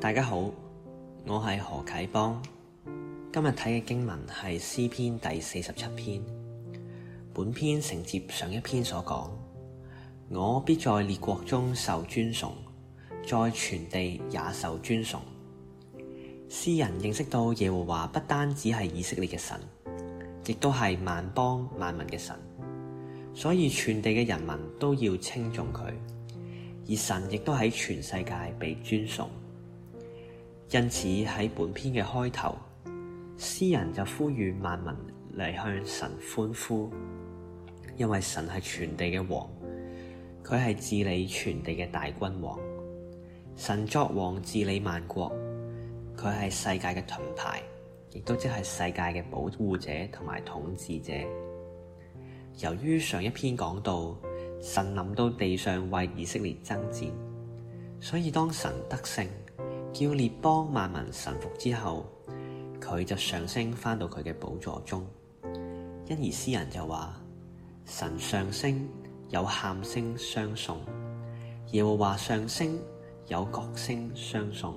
大家好，我係何啟邦。今日睇嘅經文係詩篇第四十七篇。本篇承接上一篇所講，我必在列國中受尊崇，在全地也受尊崇。詩人認識到耶和華不單只係以色列嘅神，亦都係萬邦萬民嘅神，所以全地嘅人民都要稱頌佢，而神亦都喺全世界被尊崇。因此喺本篇嘅開頭，詩人就呼籲萬民嚟向神歡呼，因為神係全地嘅王，佢係治理全地嘅大君王。神作王治理萬國，佢係世界嘅盾牌，亦都即係世界嘅保護者同埋統治者。由於上一篇講到神臨到地上為以色列爭戰，所以當神得勝。叫列邦萬民臣服之後，佢就上升翻到佢嘅寶座中。因而詩人就話：神上升有喊聲相送，耶和華上升有角聲相送。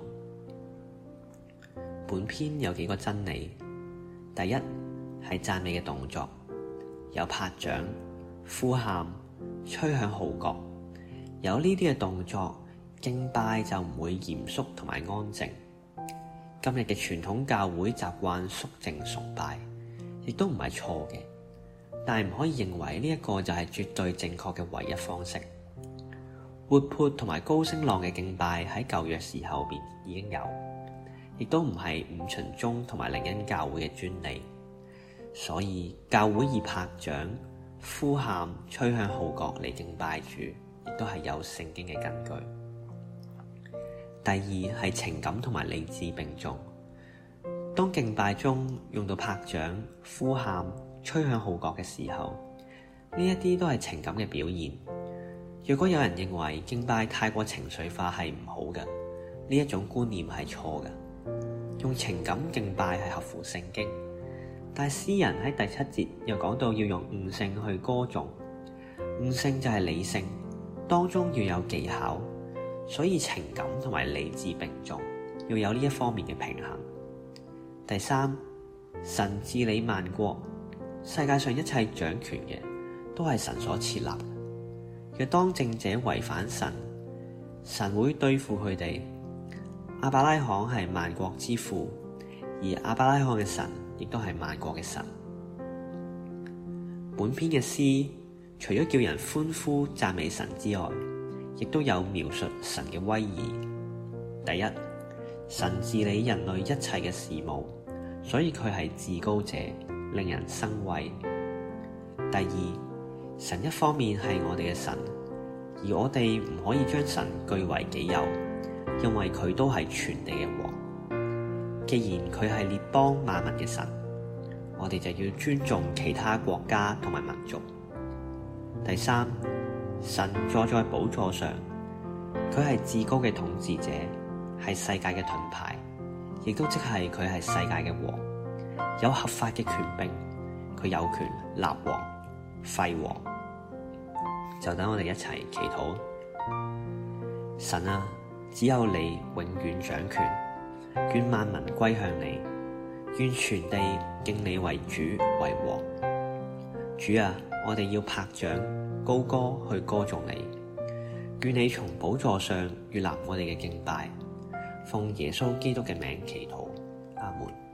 本篇有幾個真理：第一係讚美嘅動作，有拍掌、呼喊、吹響號角，有呢啲嘅動作。敬拜就唔會嚴肅同埋安靜。今日嘅傳統教會習慣肅靜崇拜，亦都唔係錯嘅，但係唔可以認為呢一個就係絕對正確嘅唯一方式。活潑同埋高聲浪嘅敬拜喺舊約時候邊已經有，亦都唔係五旬宗同埋靈恩教會嘅專利。所以教會以拍掌、呼喊、吹響號角嚟敬拜主，亦都係有聖經嘅根據。第二，係情感同埋理智並重。當敬拜中用到拍掌、呼喊、吹響號角嘅時候，呢一啲都係情感嘅表現。如果有人認為敬拜太過情緒化係唔好嘅，呢一種觀念係錯嘅。用情感敬拜係合乎聖經，但詩人喺第七節又講到要用悟性去歌頌。悟性就係理性，當中要有技巧。所以情感同埋理智並重，要有呢一方面嘅平衡。第三，神治理萬國，世界上一切掌權嘅都係神所設立。若當政者違反神，神會對付佢哋。亞伯拉罕係萬國之父，而亞伯拉罕嘅神亦都係萬國嘅神。本篇嘅詩，除咗叫人歡呼讚美神之外，亦都有描述神嘅威儀。第一，神治理人類一切嘅事務，所以佢係至高者，令人生畏。第二，神一方面係我哋嘅神，而我哋唔可以將神據為己有，因為佢都係全地嘅王。既然佢係列邦萬民嘅神，我哋就要尊重其他國家同埋民族。第三，神坐在寶座上，佢係至高嘅統治者，係世界嘅盾牌，亦都即係佢係世界嘅王，有合法嘅權柄，佢有權立王廢王。就等我哋一齊祈禱，神啊，只有你永遠掌權，願萬民歸向你，願全地敬你為主為王。主啊，我哋要拍掌。高歌去歌頌你，願你從寶座上悅納我哋嘅敬拜，奉耶穌基督嘅名祈禱，阿門。